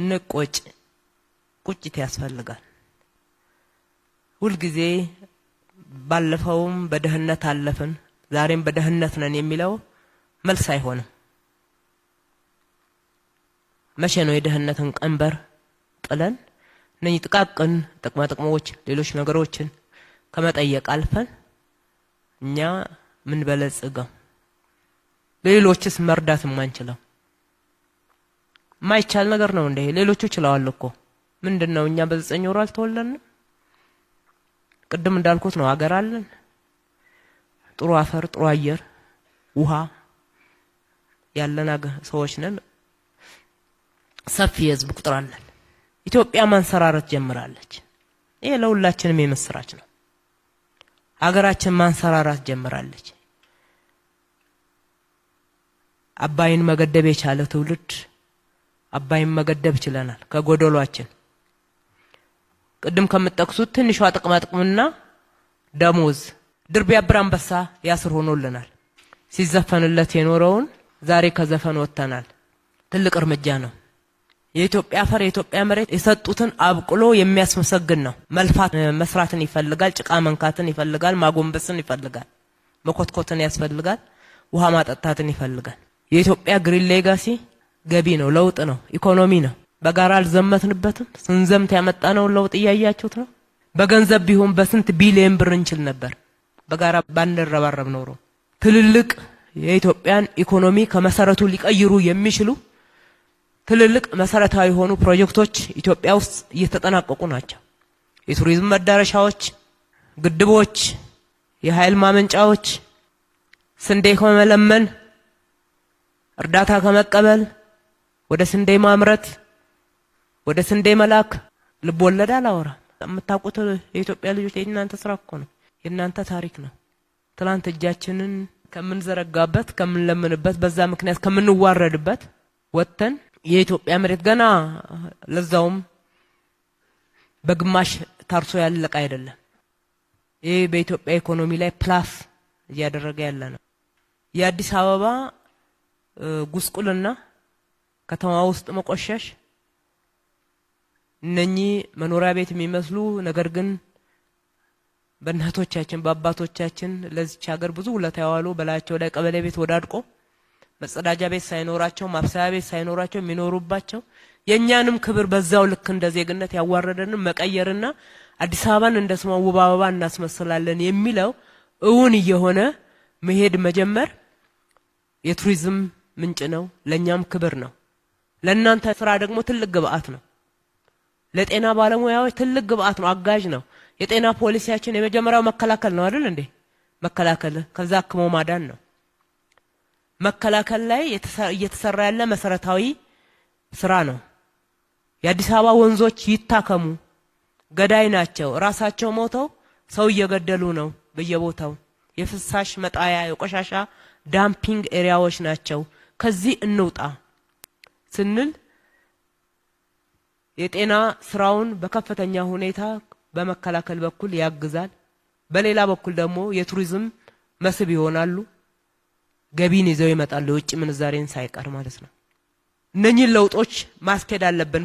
እንቆጭ ቁጭት ያስፈልጋል። ሁልጊዜ ባለፈውም በደህንነት አለፍን ዛሬም በደህንነት ነን የሚለው መልስ አይሆንም። መቼ ነው የደህንነትን ቀንበር ጥለን እነኚህ ጥቃቅን ጥቅማ ጥቅሞች፣ ሌሎች ነገሮችን ከመጠየቅ አልፈን እኛ ምን በለጽገው ሌሎችስ መርዳት የማንችለው? ማይቻል ነገር ነው እንዴ? ሌሎቹ ችለዋል እኮ ምንድን ነው እኛ በዘጠኝ ወሩ አልተወለድንም? ቅድም እንዳልኩት ነው ሀገር አለን፣ ጥሩ አፈር፣ ጥሩ አየር፣ ውሃ ያለን ሰዎች ነን። ሰፊ የህዝብ ቁጥር አለን። ኢትዮጵያ ማንሰራረት ጀምራለች። ይሄ ለሁላችንም የምስራች ነው። ሀገራችን ማንሰራራት ጀምራለች። አባይን መገደብ የቻለ ትውልድ አባይ መገደብ ችለናል ከጎደሏችን። ቅድም ከምጠቅሱት ትንሿ ጥቅማጥቅምና ደሞዝ ድር ቢያብር አንበሳ ያስር ሆኖልናል። ሲዘፈንለት የኖረውን ዛሬ ከዘፈን ወጥተናል። ትልቅ እርምጃ ነው። የኢትዮጵያ አፈር የኢትዮጵያ መሬት የሰጡትን አብቅሎ የሚያስመሰግን ነው። መልፋት መስራትን ይፈልጋል። ጭቃ መንካትን ይፈልጋል። ማጎንበስን ይፈልጋል። መኮትኮትን ያስፈልጋል። ውሃ ማጠጣትን ይፈልጋል። የኢትዮጵያ ግሪን ሌጋሲ ገቢ ነው፣ ለውጥ ነው፣ ኢኮኖሚ ነው። በጋራ አልዘመትንበትም። ስንዘምት ያመጣነውን ለውጥ እያያችሁት ነው። በገንዘብ ቢሆን በስንት ቢሊየን ብር እንችል ነበር በጋራ ባንረባረብ ኖሮ። ትልልቅ የኢትዮጵያን ኢኮኖሚ ከመሰረቱ ሊቀይሩ የሚችሉ ትልልቅ መሰረታዊ የሆኑ ፕሮጀክቶች ኢትዮጵያ ውስጥ እየተጠናቀቁ ናቸው። የቱሪዝም መዳረሻዎች፣ ግድቦች፣ የኃይል ማመንጫዎች፣ ስንዴ ከመለመን እርዳታ ከመቀበል ወደ ስንዴ ማምረት፣ ወደ ስንዴ መላክ ልቦለድ አላወራም። የምታውቁት የኢትዮጵያ ልጆች የእናንተ ስራ እኮ ነው፣ የእናንተ ታሪክ ነው። ትላንት እጃችንን ከምንዘረጋበት፣ ከምንለምንበት፣ በዛ ምክንያት ከምንዋረድበት ወጥተን የኢትዮጵያ መሬት ገና ለዛውም በግማሽ ታርሶ ያለቀ አይደለም። ይህ በኢትዮጵያ ኢኮኖሚ ላይ ፕላስ እያደረገ ያለ ነው። የአዲስ አበባ ጉስቁልና ከተማ ውስጥ መቆሸሽ፣ እነኚህ መኖሪያ ቤት የሚመስሉ ነገር ግን በእናቶቻችን በአባቶቻችን ለዚች ሀገር ብዙ ውለታ የዋሉ በላያቸው ላይ ቀበሌ ቤት ወዳድቆ መጸዳጃ ቤት ሳይኖራቸው ማብሰያ ቤት ሳይኖራቸው የሚኖሩባቸው የእኛንም ክብር በዛው ልክ እንደ ዜግነት ያዋረደንም መቀየርና አዲስ አበባን እንደ ስሟ ውብ አበባ እናስመስላለን የሚለው እውን እየሆነ መሄድ መጀመር የቱሪዝም ምንጭ ነው፣ ለእኛም ክብር ነው። ለእናንተ ስራ ደግሞ ትልቅ ግብአት ነው። ለጤና ባለሙያዎች ትልቅ ግብአት ነው፣ አጋዥ ነው። የጤና ፖሊሲያችን የመጀመሪያው መከላከል ነው አይደል እንዴ? መከላከል ከዛ አክሞ ማዳን ነው። መከላከል ላይ እየተሰራ ያለ መሰረታዊ ስራ ነው። የአዲስ አበባ ወንዞች ይታከሙ፣ ገዳይ ናቸው። ራሳቸው ሞተው ሰው እየገደሉ ነው በየቦታው። የፍሳሽ መጣያ የቆሻሻ ዳምፒንግ ኤሪያዎች ናቸው። ከዚህ እንውጣ። ስንል የጤና ስራውን በከፍተኛ ሁኔታ በመከላከል በኩል ያግዛል። በሌላ በኩል ደግሞ የቱሪዝም መስህብ ይሆናሉ። ገቢን ይዘው ይመጣሉ፣ የውጭ ምንዛሬን ሳይቀር ማለት ነው። እነኚህን ለውጦች ማስኬድ አለብን።